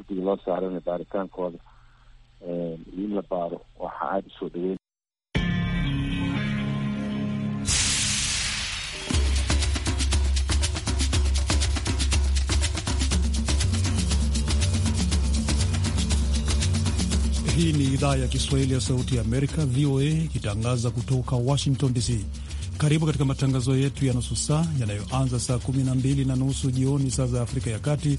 udiga loo saarana baaritaankooda in la baaro waxa u soo dhaweyn Hii ni idhaa ya Kiswahili ya Sauti ya Amerika, VOA, ikitangaza kutoka Washington DC. Karibu katika matangazo yetu ya nusu saa yanayoanza saa 12 na nusu jioni saa za Afrika ya Kati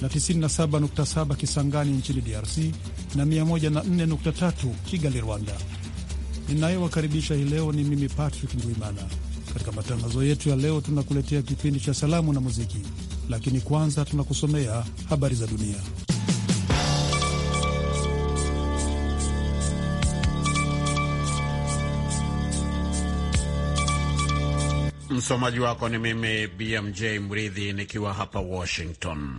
na 97.7 Kisangani nchini DRC na 104.3 Kigali, Rwanda. Ninayowakaribisha hii leo ni mimi Patrick Ndwimana. Katika matangazo yetu ya leo, tunakuletea kipindi cha salamu na muziki, lakini kwanza tunakusomea habari za dunia. Msomaji wako ni mimi BMJ Mridhi nikiwa hapa Washington.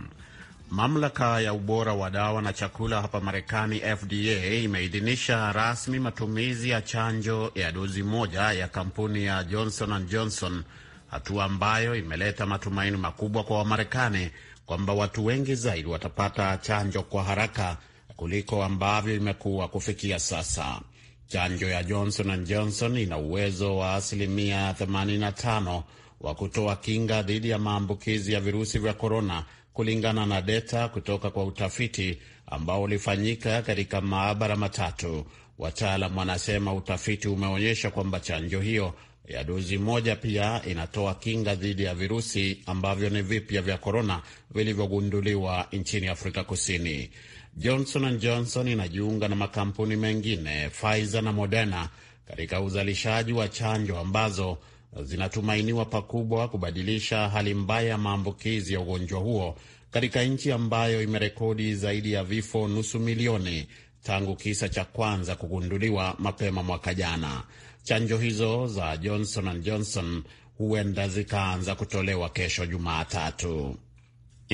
Mamlaka ya ubora wa dawa na chakula hapa Marekani, FDA, imeidhinisha rasmi matumizi ya chanjo ya dozi moja ya kampuni ya Johnson and Johnson, hatua ambayo imeleta matumaini makubwa kwa Wamarekani kwamba watu wengi zaidi watapata chanjo kwa haraka kuliko ambavyo imekuwa kufikia sasa. Chanjo ya Johnson and Johnson ina uwezo wa asilimia 85 wa kutoa kinga dhidi ya maambukizi ya virusi vya korona kulingana na deta kutoka kwa utafiti ambao ulifanyika katika maabara matatu. Wataalam wanasema utafiti umeonyesha kwamba chanjo hiyo ya dozi moja pia inatoa kinga dhidi ya virusi ambavyo ni vipya vya korona vilivyogunduliwa nchini Afrika Kusini. Johnson and Johnson inajiunga na makampuni mengine Pfizer na Moderna katika uzalishaji wa chanjo ambazo zinatumainiwa pakubwa kubadilisha hali mbaya ya maambukizi ya ugonjwa huo katika nchi ambayo imerekodi zaidi ya vifo nusu milioni tangu kisa cha kwanza kugunduliwa mapema mwaka jana. Chanjo hizo za Johnson and Johnson huenda zikaanza kutolewa kesho Jumatatu.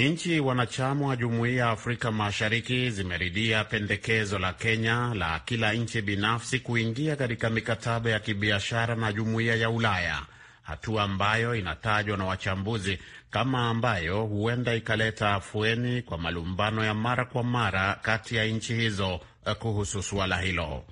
Nchi wanachama wa Jumuiya ya Afrika Mashariki zimeridhia pendekezo la Kenya la kila nchi binafsi kuingia katika mikataba ya kibiashara na Jumuiya ya Ulaya, hatua ambayo inatajwa na wachambuzi kama ambayo huenda ikaleta afueni kwa malumbano ya mara kwa mara kati ya nchi hizo eh, kuhusu suala hilo.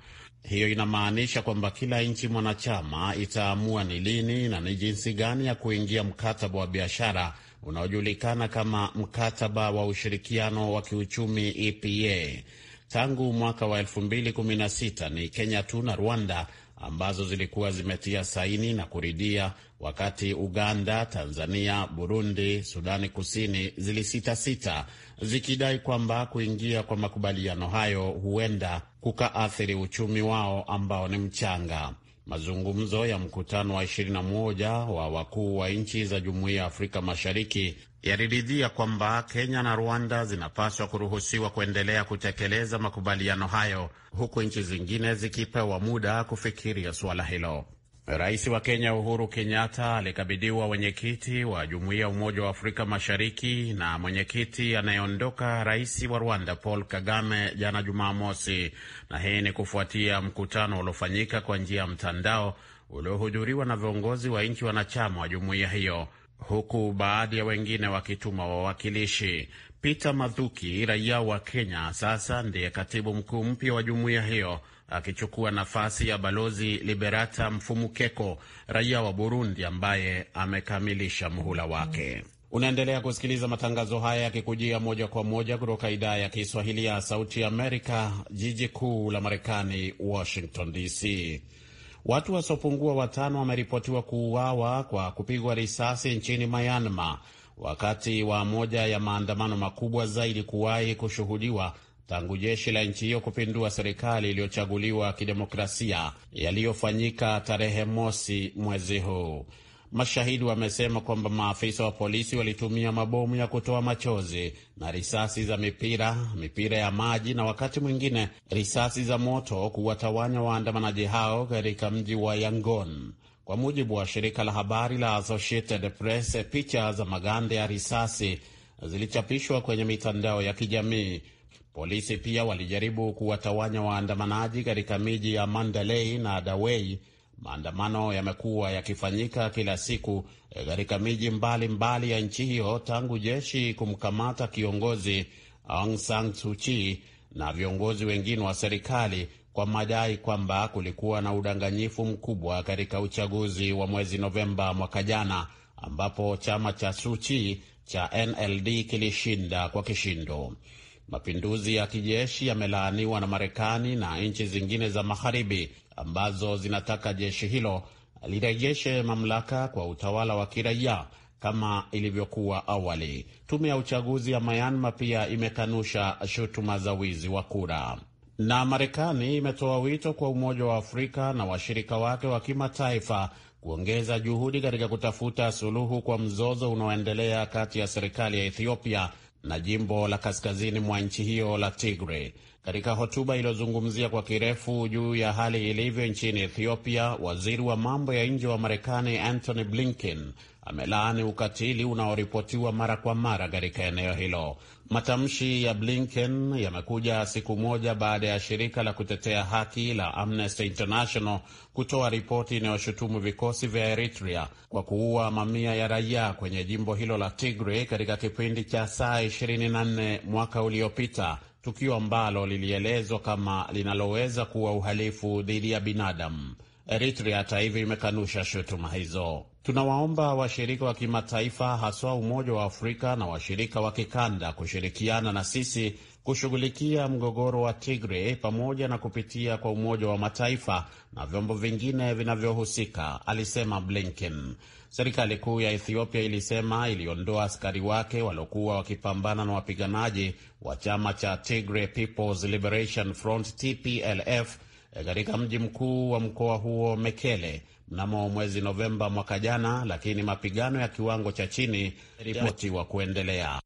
Hiyo inamaanisha kwamba kila nchi mwanachama itaamua ni lini na ni jinsi gani ya kuingia mkataba wa biashara unaojulikana kama mkataba wa ushirikiano wa kiuchumi EPA. Tangu mwaka wa 2016 ni Kenya tu na Rwanda ambazo zilikuwa zimetia saini na kuridhia, wakati Uganda, Tanzania, Burundi, Sudani Kusini zilisitasita zikidai kwamba kuingia kwa makubaliano hayo huenda kukaathiri uchumi wao ambao ni mchanga. Mazungumzo ya mkutano wa 21 wa wakuu wa nchi za Jumuiya ya Afrika Mashariki yaliridhia kwamba Kenya na Rwanda zinapaswa kuruhusiwa kuendelea kutekeleza makubaliano hayo huku nchi zingine zikipewa muda kufikiria suala hilo. Rais wa Kenya Uhuru Kenyatta alikabidhiwa wenyekiti wa jumuiya ya Umoja wa Afrika Mashariki na mwenyekiti anayeondoka rais wa Rwanda Paul Kagame jana Jumamosi, na hii ni kufuatia mkutano uliofanyika kwa njia ya mtandao uliohudhuriwa na viongozi wa nchi wanachama wa jumuiya hiyo, huku baadhi ya wengine wakituma wawakilishi. Peter Mathuki, raia wa Kenya, sasa ndiye katibu mkuu mpya wa jumuiya hiyo akichukua nafasi ya Balozi Liberata Mfumukeko, raia wa Burundi ambaye amekamilisha muhula wake. Unaendelea kusikiliza matangazo haya yakikujia moja kwa moja kutoka idhaa ya Kiswahili ya Sauti ya Amerika, jiji kuu la Marekani, Washington DC. Watu wasiopungua watano wameripotiwa kuuawa kwa kupigwa risasi nchini Myanmar wakati wa moja ya maandamano makubwa zaidi kuwahi kushuhudiwa tangu jeshi la nchi hiyo kupindua serikali iliyochaguliwa kidemokrasia yaliyofanyika tarehe mosi mwezi huu. Mashahidi wamesema kwamba maafisa wa polisi walitumia mabomu ya kutoa machozi na risasi za mipira, mipira ya maji na wakati mwingine risasi za moto kuwatawanya waandamanaji hao katika mji wa Yangon. Kwa mujibu wa shirika la habari la Associated Press, picha za maganda ya risasi zilichapishwa kwenye mitandao ya kijamii Polisi pia walijaribu kuwatawanya waandamanaji katika miji ya Mandalay na Dawei. Maandamano yamekuwa yakifanyika kila siku eh, katika miji mbalimbali mbali ya nchi hiyo tangu jeshi kumkamata kiongozi Aung San Suu Kyi na viongozi wengine wa serikali kwa madai kwamba kulikuwa na udanganyifu mkubwa katika uchaguzi wa mwezi Novemba mwaka jana ambapo chama cha Suu Kyi cha NLD kilishinda kwa kishindo. Mapinduzi ya kijeshi yamelaaniwa na Marekani na nchi zingine za Magharibi ambazo zinataka jeshi hilo lirejeshe mamlaka kwa utawala wa kiraia kama ilivyokuwa awali. Tume ya uchaguzi ya Myanmar pia imekanusha shutuma za wizi wa kura. Na Marekani imetoa wito kwa Umoja wa Afrika na washirika wake wa kimataifa kuongeza juhudi katika kutafuta suluhu kwa mzozo unaoendelea kati ya serikali ya Ethiopia na jimbo la kaskazini mwa nchi hiyo la tigre Katika hotuba iliyozungumzia kwa kirefu juu ya hali ilivyo nchini Ethiopia, waziri wa mambo ya nje wa Marekani Antony Blinken amelaani ukatili unaoripotiwa mara kwa mara katika eneo hilo. Matamshi ya Blinken yamekuja siku moja baada ya shirika la kutetea haki la Amnesty International kutoa ripoti inayoshutumu vikosi vya Eritrea kwa kuua mamia ya raia kwenye jimbo hilo la Tigray katika kipindi cha saa 24 mwaka uliopita, tukio ambalo lilielezwa kama linaloweza kuwa uhalifu dhidi ya binadamu. Eritrea hata hivyo imekanusha shutuma hizo. Tunawaomba washirika wa kimataifa haswa Umoja wa Afrika na washirika wa kikanda kushirikiana na sisi kushughulikia mgogoro wa Tigre pamoja na kupitia kwa Umoja wa Mataifa na vyombo vingine vinavyohusika, alisema Blinken. Serikali kuu ya Ethiopia ilisema iliondoa askari wake waliokuwa wakipambana na wapiganaji wa chama cha Tigre People's Liberation Front TPLF katika mji mkuu wa mkoa huo Mekele mnamo mwezi Novemba mwaka jana, lakini mapigano ya kiwango cha chini ripotiwa kuendelea.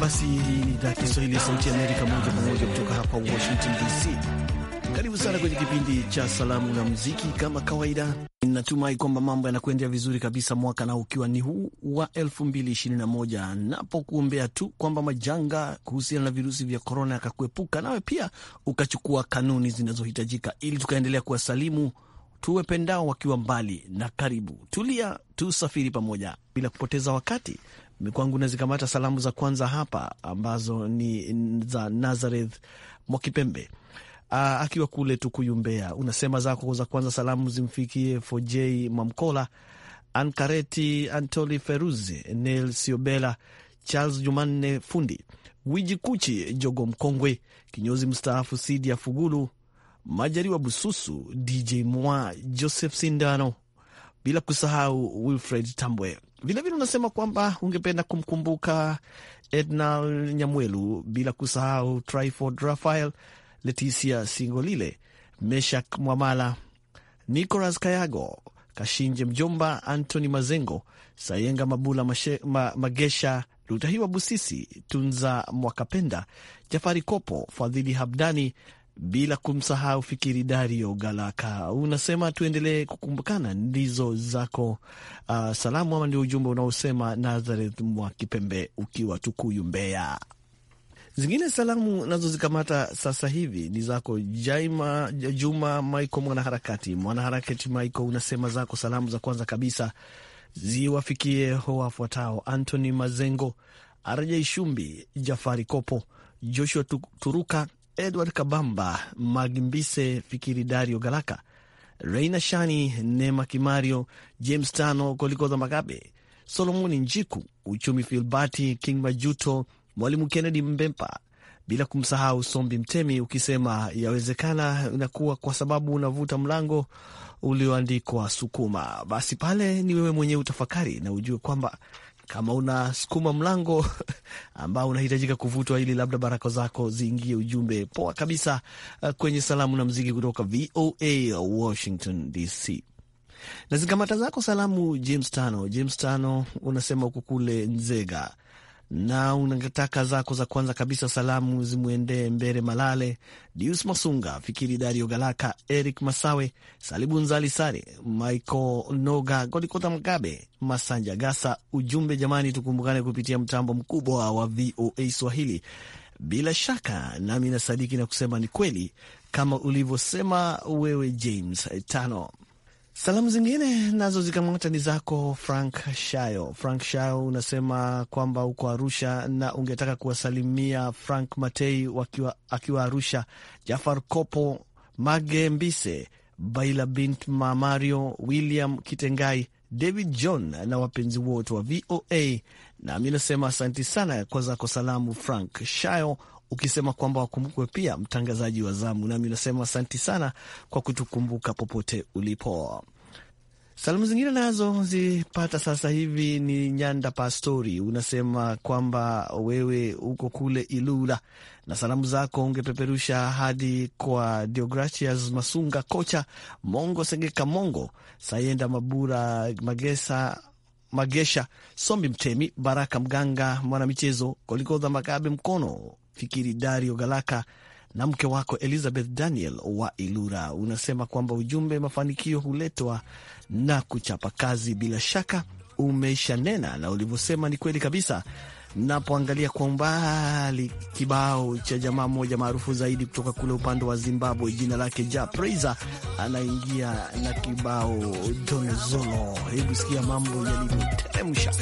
Basi hii ni idhaa Kiswahili ya Sauti ya Amerika, moja kwa moja kutoka hapa Washington DC. Karibu sana kwenye kipindi cha salamu na muziki. Kama kawaida, natumai kwamba mambo yanakuendea vizuri kabisa, mwaka nao ukiwa ni huu wa elfu Napokuombea tu kwamba majanga kuhusiana na virusi vya korona yakakuepuka, nawe pia ukachukua kanuni zinazohitajika ili tukaendelea kuwasalimu tuwependao wakiwa mbali na karibu. Tulia, tusafiri pamoja bila kupoteza wakati. Mikwangu nazikamata salamu za kwanza hapa ambazo ni za Nazareth Mwakipembe uh, akiwa kule Tukuyu, Mbeya. Unasema zako za kwanza salamu zimfikie Foj Mamkola, Ankareti Antoli, Feruzi Nel Siobela, Charles Jumanne Fundi, Wiji Kuchi, Jogo Mkongwe, kinyozi mstaafu Sidi ya Fugulu, Majariwa Bususu, DJ Mwa, Joseph Sindano, bila kusahau Wilfred Tambwe. Vilevile unasema kwamba ungependa kumkumbuka Edna Nyamwelu, bila kusahau Tryford Rafael, Leticia Singolile, Meshak Mwamala, Nicolas Kayago, Kashinje Mjomba, Antony Mazengo, Sayenga Mabula Mashe, Ma, Magesha Lutahiwa Busisi, Tunza Mwakapenda, Jafari Kopo, Fadhili Habdani, bila kumsahau Fikiri Dario Galaka. Unasema tuendelee kukumbukana, ndizo zako uh, salamu ama ndio ujumbe unaosema Nazareth Mwa Kipembe ukiwa Tukuyu, Mbeya. Zingine salamu nazo zikamata sasa hivi ni zako Jaima Juma Maiko, mwanaharakati mwanaharakati Maiko, unasema zako salamu za kwanza kabisa ziwafikie wafuatao: Antony Mazengo, Arjai Shumbi, Jafari Kopo, Joshua Turuka, Edward Kabamba, Magimbise, Fikiri Dario Galaka, Reina Shani, Nema Kimario, James Tano, Kolikoza Magabe, Solomoni Njiku, Uchumi Filbati, King Majuto, Mwalimu Kennedy Mbempa, bila kumsahau Sombi Mtemi, ukisema yawezekana inakuwa kwa sababu unavuta mlango ulioandikwa sukuma, basi pale ni wewe mwenyewe utafakari na ujue kwamba kama unasukuma mlango ambao unahitajika kuvutwa ili labda baraka zako ziingie. Ujumbe poa kabisa eh, kwenye salamu na mziki kutoka VOA Washington DC na zikamata zako salamu. James Tano, James Tano unasema uko kule Nzega na unataka zako za kwanza kabisa salamu zimwendee Mbere Malale, Dius Masunga, Fikiri Dario Galaka, Eric Masawe, Salibunzali Sare, Michael Noga, Godikota Mgabe, Masanja Gasa. Ujumbe jamani, tukumbukane kupitia mtambo mkubwa wa VOA Swahili. Bila shaka nami nasadiki na kusema ni kweli kama ulivyosema wewe James Tano. Salamu zingine nazo zikamata ni zako Frank Shayo. Frank Shayo unasema kwamba uko Arusha na ungetaka kuwasalimia Frank Matei wakiwa, akiwa Arusha, Jafar Kopo, Mage Mbise, Baila bint Mamario, William Kitengai, David John na wapenzi wote wa VOA. Nami nasema asanti sana kwa zako salamu Frank Shayo ukisema kwamba wakumbukwe pia mtangazaji wa zamu. Nami unasema asanti sana kwa kutukumbuka popote ulipo. Salamu zingine nazo zipata sasa hivi ni Nyanda Pastori, unasema kwamba wewe uko kule Ilula na salamu zako ungepeperusha hadi kwa Deogratias Masunga, kocha Mongo Sengeka, Mongo Sayenda Mabura, Magesa Magesha Sombi, Mtemi Baraka Mganga, mwanamichezo Kolikodha Makabe Mkono Fikiri Dario Galaka na mke wako Elizabeth Daniel wa Ilura, unasema kwamba ujumbe, mafanikio huletwa na kuchapa kazi. Bila shaka umeisha nena na ulivyosema ni kweli kabisa. Napoangalia kwa umbali kibao cha jamaa mmoja maarufu zaidi kutoka kule upande wa Zimbabwe, jina lake Ja Praiser, anaingia na kibao Donzolo. Hebu sikia mambo yalivyoteremsha.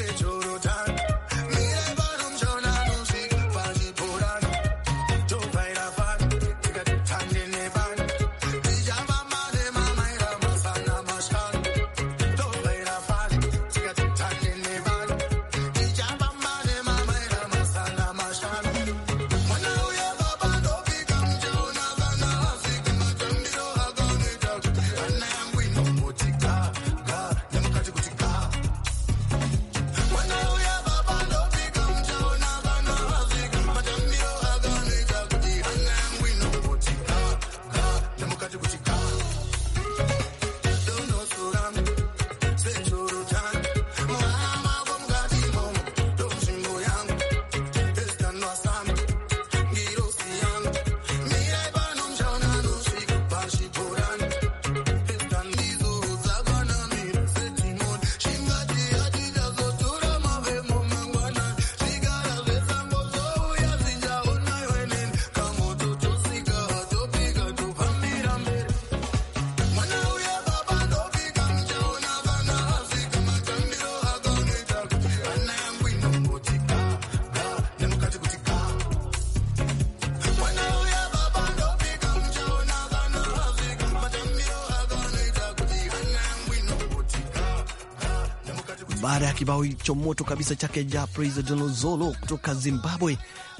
Baada ya kibao hicho moto kabisa chake ja Japrais Donozolo kutoka Zimbabwe,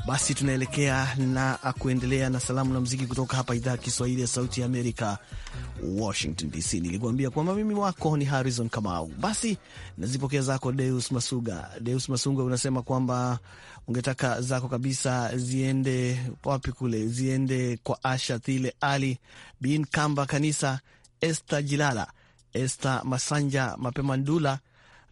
basi tunaelekea na kuendelea na salamu na mziki kutoka hapa idhaa ya Kiswahili ya Sauti ya Amerika, Washington DC. Nilikuambia kwamba mimi wako ni Harrison Kamau. Basi nazipokea zako Deus Masuga. Deus Masunga, unasema kwamba ungetaka zako kabisa ziende wapi? Kule ziende kwa Asha Thile Ali bin Kamba Kanisa, Esther Jilala, Esther Masanja Mapema Ndula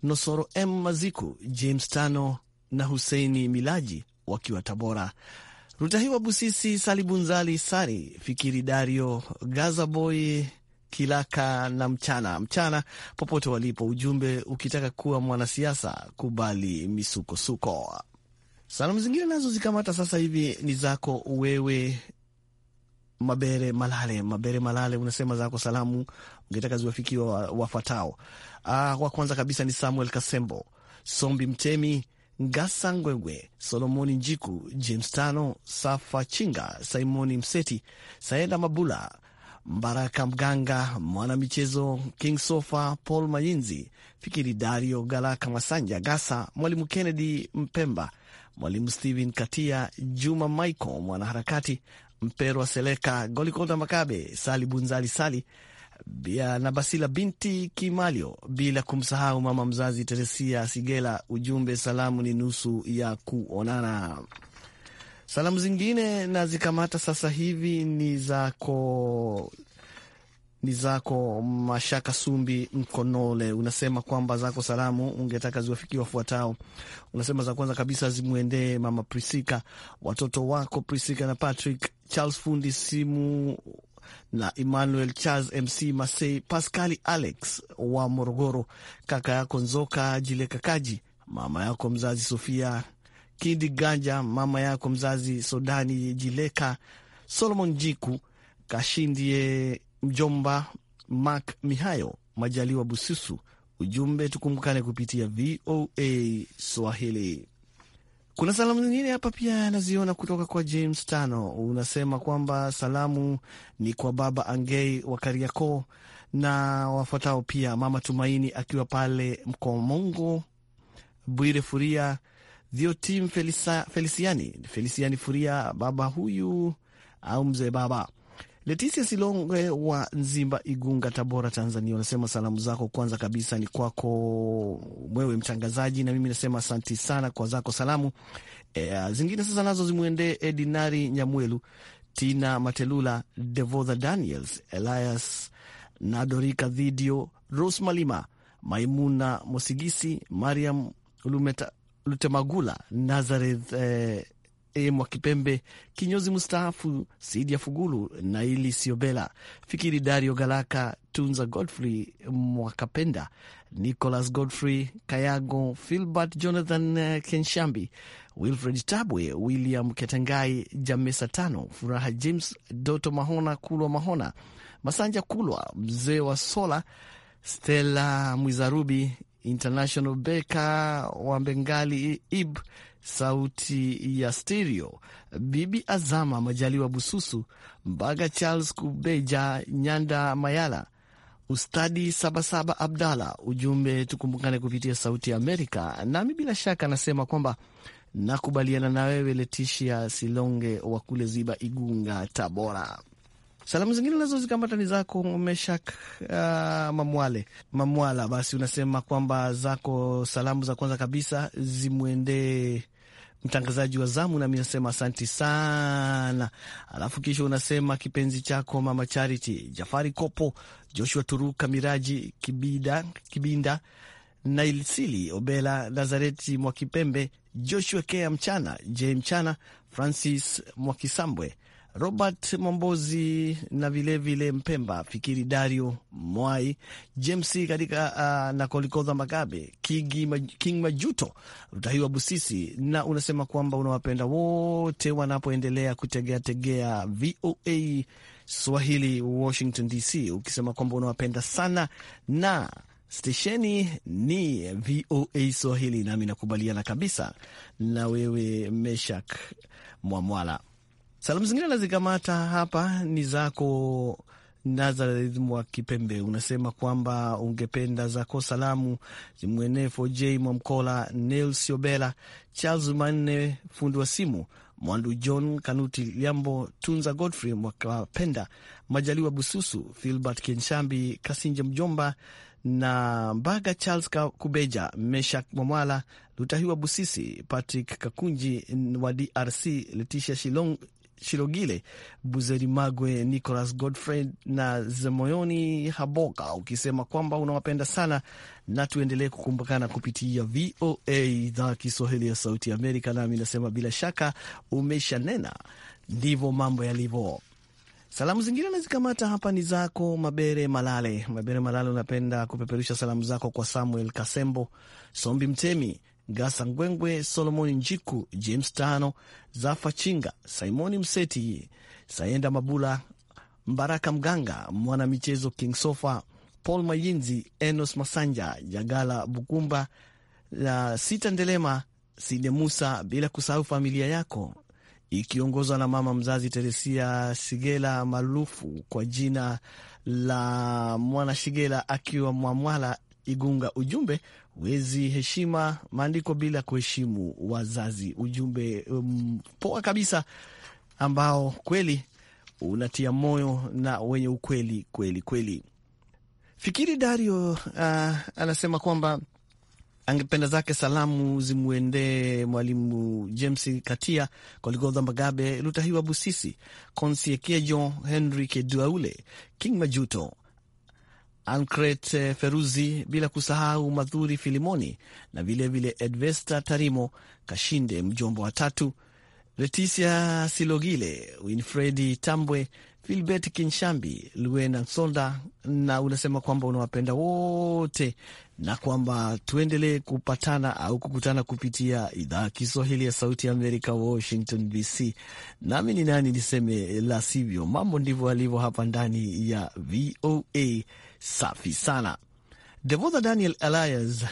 Nosoro M Maziku, James Tano na Huseini Milaji wakiwa Tabora. Rutahiwa Busisi, Salibunzali Sari, Fikiri Dario, Gazaboy Kilaka na mchana mchana popote walipo. Ujumbe, ukitaka kuwa mwanasiasa kubali misukosuko. Salamu zingine nazo zikamata sasa hivi ni zako wewe Mabere Malale, Mabere Malale, unasema zako salamu ungetaka ziwafikiwa wafuatao. Ah, wa kwanza kabisa ni Samuel Kasembo, Sombi Mtemi, Ngasa Ngwegwe, Solomoni Njiku, James Tano, Safa Chinga, Simoni Mseti, Saenda Mabula, Mbaraka Mganga, mwanamichezo King Sofa, Paul Mayinzi, Fikiri Dario, Galaka Masanja, Gasa, Mwalimu Kennedy Mpemba, Mwalimu Stephen Katia, Juma Michael, mwanaharakati Mperwa Seleka, Golikonda Makabe, Sali Bunzali, Sali bia na Basila binti Kimalio, bila kumsahau mama mzazi Teresia Sigela. Ujumbe, salamu ni nusu ya kuonana. Salamu zingine na zikamata sasa hivi ni zako ni zako Mashaka Sumbi Mkonole, unasema kwamba zako salamu ungetaka ziwafikie wafuatao. Unasema za kwanza kabisa zimwendee mama Prisika, watoto wako Prisika na Patrick Charles fundi simu na Emmanuel Charles Mc Masei, Pascali Alex wa Morogoro, kaka yako Nzoka Jile Kakaji, mama yako mzazi Sofia Kindi Ganja, mama yako mzazi Sodani Jileka, Solomon Jiku Kashindie, mjomba Mark Mihayo Majaliwa Bususu. Ujumbe, tukumbukane kupitia VOA Swahili. Kuna salamu zingine hapa pia naziona kutoka kwa James Tano, unasema kwamba salamu ni kwa baba Angei wa Kariakoo na wafuatao pia mama Tumaini akiwa pale Mkomongo, Bwire Furia, Thiotim Felisiani, Felisiani Furia, baba huyu au mzee baba Leticia Silonge wa Nzimba, Igunga, Tabora, Tanzania, unasema salamu zako kwanza kabisa ni kwako mwewe mtangazaji, na mimi nasema asanti sana kwa zako salamu. E, zingine sasa nazo zimwendee Edinari Nyamwelu, Tina Matelula, Devotha Daniels, Elias Nadorika, Dhidio Ros Malima, Maimuna Mosigisi, Mariam Lutemagula, Nazareth eh, E, Kipembe, kinyozi mstaafu, ya Fugulu, Naili Siobela, Fikiri Dario Galaka, Tunza Godfrey Mwakapenda, Nicholas Godfrey Kayago, Filbert Jonathan eh, Kenshambi, Wilfred Tabwe, William Ketengai, Jamesa Tano, Furaha James, Doto Mahona, Kulwa Mahona, Masanja Kulwa, Mzee wa Sola, Stella Mwizarubi, International Beka wa Bengali, Ib Sauti ya Stereo, Bibi Azama Majaliwa Bususu, Mbaga Charles Kubeja, Nyanda Mayala, Ustadi Sabasaba Abdala. Ujumbe tukumbukane kupitia Sauti ya Amerika. Nami bila shaka anasema kwamba nakubaliana na wewe Letishia Silonge wa kule Ziba, Igunga, Tabora. Salamu zingine nazo zikambata ni zako Meshak uh, Mamwale Mamwala. Basi unasema kwamba zako salamu za kwanza kabisa zimwendee Mtangazaji wa zamu nami nasema asanti sana, alafu kisha unasema kipenzi chako Mama Charity, Jafari Kopo, Joshua Turuka, Miraji Kibida, Kibinda, Nailsili Obela, Nazareti Mwakipembe, Joshua Kea Mchana, J Mchana, Francis Mwakisambwe Robert Mombozi na vilevile vile Mpemba Fikiri, Dario Mwai, James katika uh, na Kolikodha Magabe, King Majuto, utahiwa Busisi, na unasema kwamba unawapenda wote wanapoendelea kutegeategea VOA Swahili Washington DC, ukisema kwamba unawapenda sana na stesheni ni VOA Swahili, nami nakubaliana kabisa na wewe Meshak Mwamwala. Salamu zingine nazikamata hapa ni zako Nazareth mwa Kipembe, unasema kwamba ungependa zako salamu zimwenee Foj Mwamkola, Nels Obela, Charles Manne, fundi wa simu Mwandu, John Kanuti Liambo, Tunza Godfrey Mwakapenda, Majaliwa Bususu, Filbert Kenshambi, Kasinje Mjomba na Mbaga Charles Kubeja, Meshak Mwamwala, Lutahiwa Busisi, Patrick Kakunji wa DRC, Letisha Shilong Shirogile buzeri magwe Nicolas Godfrey na Zemoyoni Haboka, ukisema kwamba unawapenda sana na tuendelee kukumbukana kupitia VOA idhaa Kiswahili ya Sauti Amerika. Nami nasema bila shaka umeshanena, ndivyo mambo yalivyo. Salamu zingine nazikamata hapa ni zako Mabere Malale. Mabere Malale, unapenda kupeperusha salamu zako kwa Samuel Kasembo, Sombi Mtemi, Gasa Ngwengwe, Solomoni Njiku, James Tano, Zafa Chinga, Simoni Mseti, Sayenda Mabula, Mbaraka Mganga, mwana michezo King Sofa, Paul Mayinzi, Enos Masanja, Jagala Bukumba, la Sita Ndelema, Side Musa, bila kusahau familia yako ikiongozwa na mama mzazi Teresia Sigela maarufu kwa jina la Mwana Shigela akiwa Mwamwala Igunga. Ujumbe Wezi heshima maandiko bila kuheshimu wazazi. Ujumbe um, poa kabisa ambao kweli unatia moyo na wenye ukweli kweli kweli. Fikiri Dario uh, anasema kwamba angependa zake salamu zimwendee Mwalimu James Katia, Koligodha Magabe, Lutahiwa Busisi, Konsiekejo, Henri Keduaule, King Majuto, Ancret eh, Feruzi, bila kusahau Madhuri Filimoni na vilevile Edvesta Tarimo Kashinde, mjombo wa tatu, Leticia Silogile, Winfredi Tambwe, Filbert Kinshambi, Luena Nsonda, na unasema kwamba unawapenda wote na kwamba tuendelee kupatana au kukutana kupitia idhaa ya Kiswahili ya Sauti ya Amerika, Washington DC. Nami ni nani niseme la sivyo, mambo ndivyo alivyo hapa ndani ya VOA Safi sana Devotha Daniel Elias.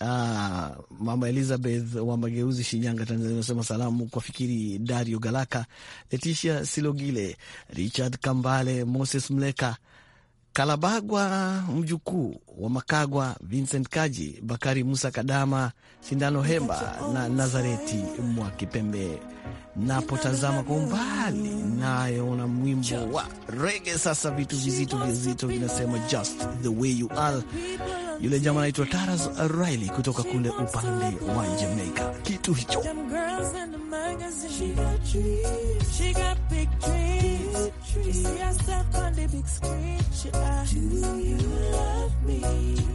Ah, Mama Elizabeth wa Mageuzi, Shinyanga, Tanzania, unasema salamu kwa Fikiri Dario Galaka, Leticia Silogile, Richard Kambale, Moses Mleka, Kalabagwa, mjukuu wa Makagwa, Vincent Kaji, Bakari Musa Kadama, Sindano Hemba na Nazareti mwa Kipembe. Napotazama kwa umbali, nayoona mwimbo wa rege. Sasa vitu vizito vizito vinasema just the way you are. Yule jamaa anaitwa Taras Riley kutoka kule upande wa Jamaica. Kitu hicho tree. You see herself on the big screen. She asked, Do you love me?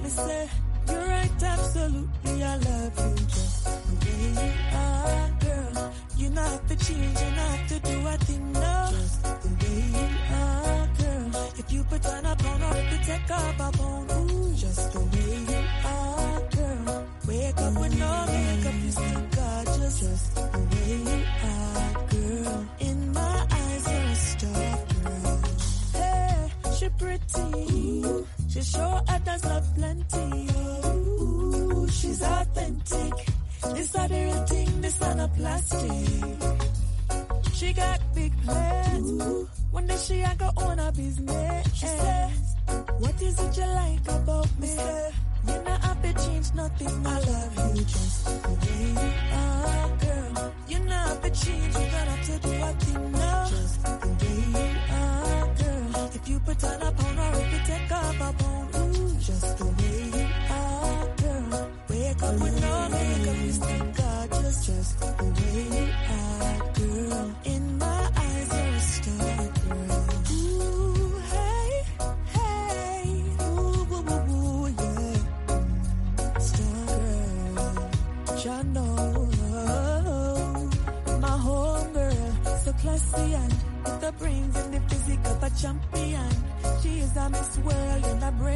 I say, You're right, absolutely. I love you just the way you are, girl. You don't have to change, you don't have to do a thing, no. Just the way you are, girl. If you put on a bone, I have to take up a bone. Ooh, just the way plastic. She got big plans. One day she gonna own a business. promised world in a bring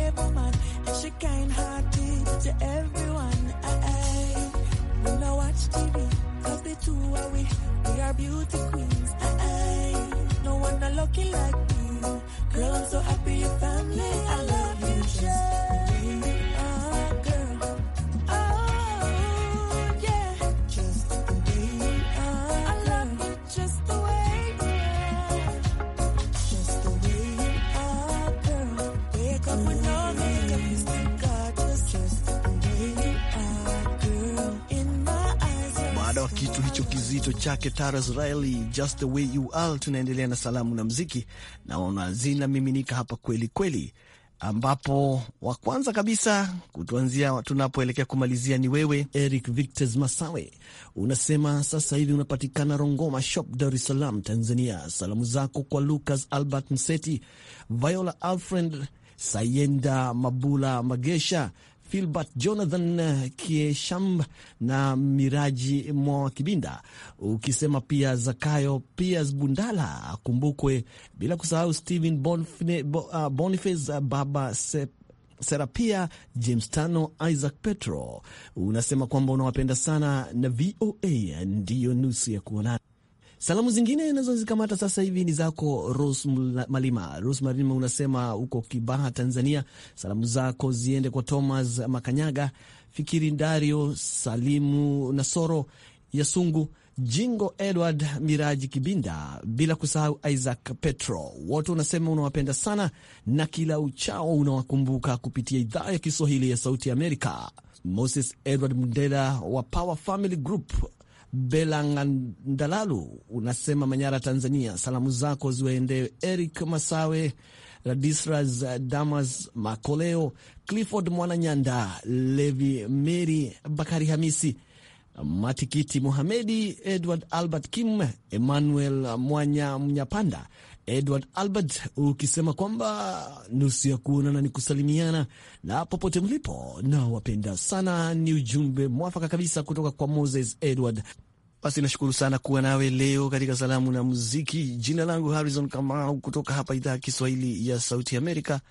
chake Taras Israeli, Just the Way You Are. Tunaendelea na salamu na mziki, naona zinamiminika hapa kweli kweli, ambapo wa kwanza kabisa kutuanzia tunapoelekea kumalizia ni wewe Eric Victes Masawe. Unasema sasa hivi unapatikana Rongoma Shop, Dar es Salaam, Tanzania. Salamu zako kwa Lucas Albert Mseti, Viola Alfred Sayenda Mabula Magesha Filbert Jonathan eh, Kieshamb na Miraji Mwakibinda, ukisema pia Zakayo Piers Bundala akumbukwe, bila kusahau Stephen ah, Boniface, ah, Baba Sep Serapia James Tano, Isaac Petro. Unasema kwamba unawapenda sana na VOA eh, ndiyo nusu ya kuonana. Salamu zingine nazo zikamata sasa hivi ni zako Ros Malima. Ros Malima unasema huko Kibaha, Tanzania. Salamu zako ziende kwa Thomas Makanyaga, Fikiri Ndario, Salimu Nasoro, Yasungu Jingo, Edward Miraji Kibinda, bila kusahau Isaac Petro. Wote unasema unawapenda sana na kila uchao unawakumbuka kupitia idhaa ya Kiswahili ya Sauti ya Amerika. Moses Edward Mndela wa Power Family Group belangandalalu unasema Manyara, Tanzania. Salamu zako ziwaendee Eric Masawe, Radisras Damas Makoleo, Clifford Mwananyanda, Levi Meri, Bakari Hamisi, Matikiti Muhamedi, Edward Albert Kim, Emmanuel Mwanya Mnyapanda Edward Albert ukisema kwamba nusu ya kuonana ni kusalimiana, na popote mlipo nawapenda sana, ni ujumbe mwafaka kabisa kutoka kwa Moses Edward. Basi nashukuru sana kuwa nawe leo katika salamu na muziki. Jina langu Harrison Kamau kutoka hapa idhaa ya Kiswahili ya Sauti Amerika,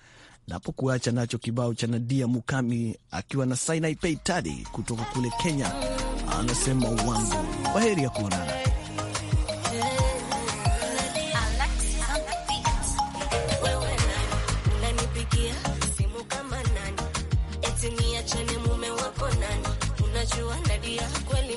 napokuacha nacho kibao cha Nadia Mukami akiwa na Sinai Pay Tadi kutoka kule Kenya, anasema wangu, kwa heri ya kuonana. najua nadia kweli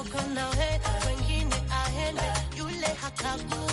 amechoka na wengine ahende, yule hakagua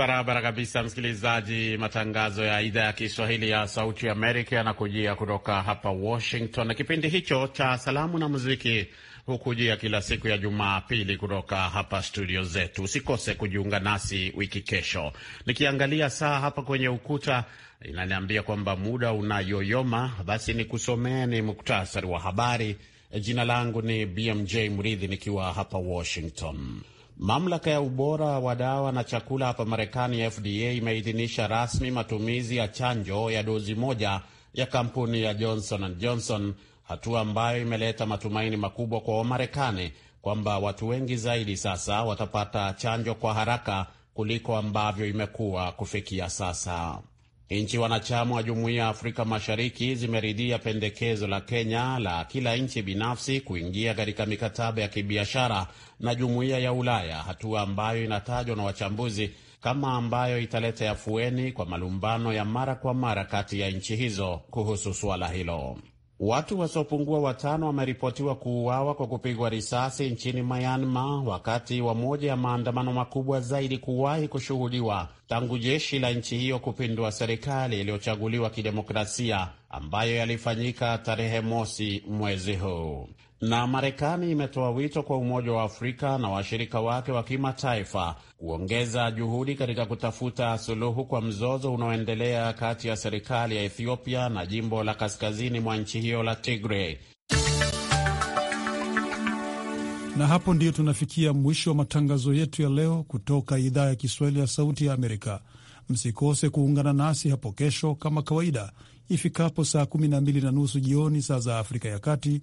Barabara kabisa, msikilizaji. Matangazo ya idhaa ya Kiswahili ya Sauti Amerika yanakujia kutoka hapa Washington, na kipindi hicho cha salamu na muziki hukujia kila siku ya jumaapili kutoka hapa studio zetu. Usikose kujiunga nasi wiki kesho. Nikiangalia saa hapa kwenye ukuta inaniambia kwamba muda unayoyoma, basi nikusomeeni muktasari wa habari. Jina langu ni BMJ Mridhi nikiwa hapa Washington. Mamlaka ya ubora wa dawa na chakula hapa Marekani, FDA, imeidhinisha rasmi matumizi ya chanjo ya dozi moja ya kampuni ya Johnson and Johnson, hatua ambayo imeleta matumaini makubwa kwa Wamarekani kwamba watu wengi zaidi sasa watapata chanjo kwa haraka kuliko ambavyo imekuwa kufikia sasa. Nchi wanachama wa Jumuiya ya Afrika Mashariki zimeridhia pendekezo la Kenya la kila nchi binafsi kuingia katika mikataba ya kibiashara na Jumuiya ya Ulaya, hatua ambayo inatajwa na wachambuzi kama ambayo italeta afueni kwa malumbano ya mara kwa mara kati ya nchi hizo kuhusu suala hilo. Watu wasiopungua watano wameripotiwa kuuawa kwa kupigwa risasi nchini Myanmar wakati wa moja ya maandamano makubwa zaidi kuwahi kushuhudiwa tangu jeshi la nchi hiyo kupindua serikali iliyochaguliwa kidemokrasia ambayo yalifanyika tarehe mosi mwezi huu. Na Marekani imetoa wito kwa Umoja wa Afrika na washirika wake wa kimataifa kuongeza juhudi katika kutafuta suluhu kwa mzozo unaoendelea kati ya serikali ya Ethiopia na jimbo la kaskazini mwa nchi hiyo la Tigray. Na hapo ndiyo tunafikia mwisho wa matangazo yetu ya leo kutoka idhaa ya Kiswahili ya Sauti ya Amerika. Msikose kuungana nasi hapo kesho kama kawaida ifikapo saa 12 na nusu jioni saa za Afrika ya Kati